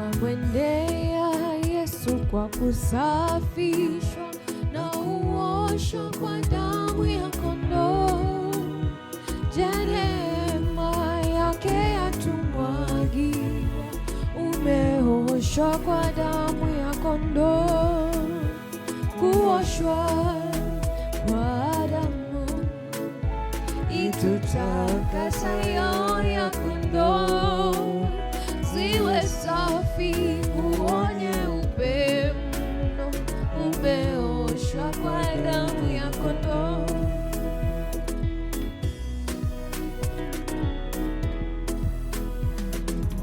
Tutamwendea Yesu kwa kusafishwa na uoshwa kwa damu ya kondoo, rehema yake yatumwagiwa, umeoshwa kwa damu ya kondoo, kuoshwa kwa damu itutakasa ya kondoo liwe safi, uone upeo mno, umeoshwa kwa damu ya kondoo.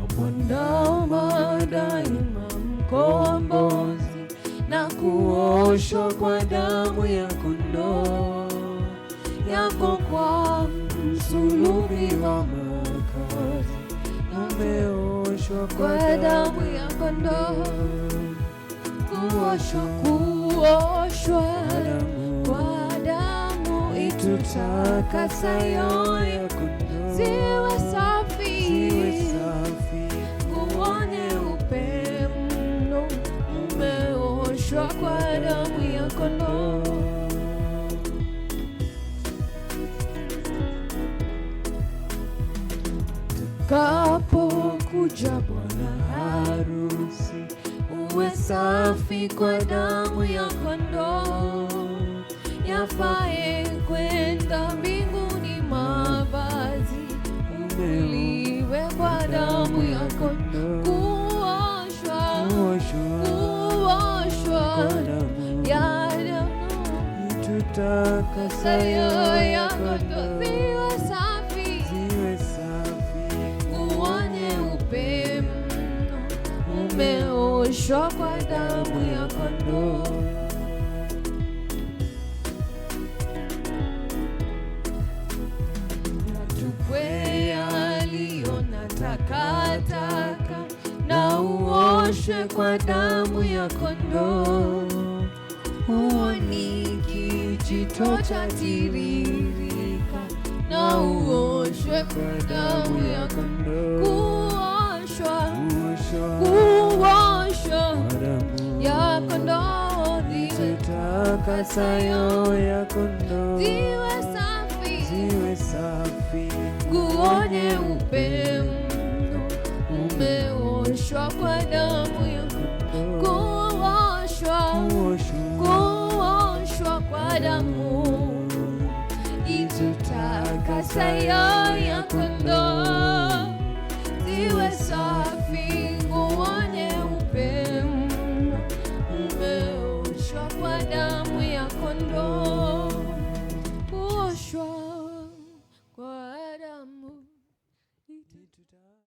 Wapondao daima mkombozi na kuoshwa kwa damu ya kondoo yako kwa msulubi wa makazi kuoshwa kwa damu ya kondoo, kuoshwa, kuoshwa kwa damu itutakasayo ziwe safi, kuone upeo mno, umeoshwa kwa damu ya kondoo. Kapo kuja bwana harusi, uwe safi kwa damu ya kondoo, yafae kwenda mbinguni mavazi, umeliwe kwa damu ya kondoo, kuoshwa kuoshwa ya damu, tutakasa ya kondoo kuoshwa kwa damu ya kondoo. takataka na uoshwe kwa damu ya kondoo. Huo ni kijito chatiririka na uoshwe kwa damu ya kondoo. yatakasayo yakuno, ziwe safi, ziwe safi, nguo nyeupe umeoshwa kwa damu yako, kuoshwa, kuoshwa kwa damu itutakasayo yakuno, ziwe safi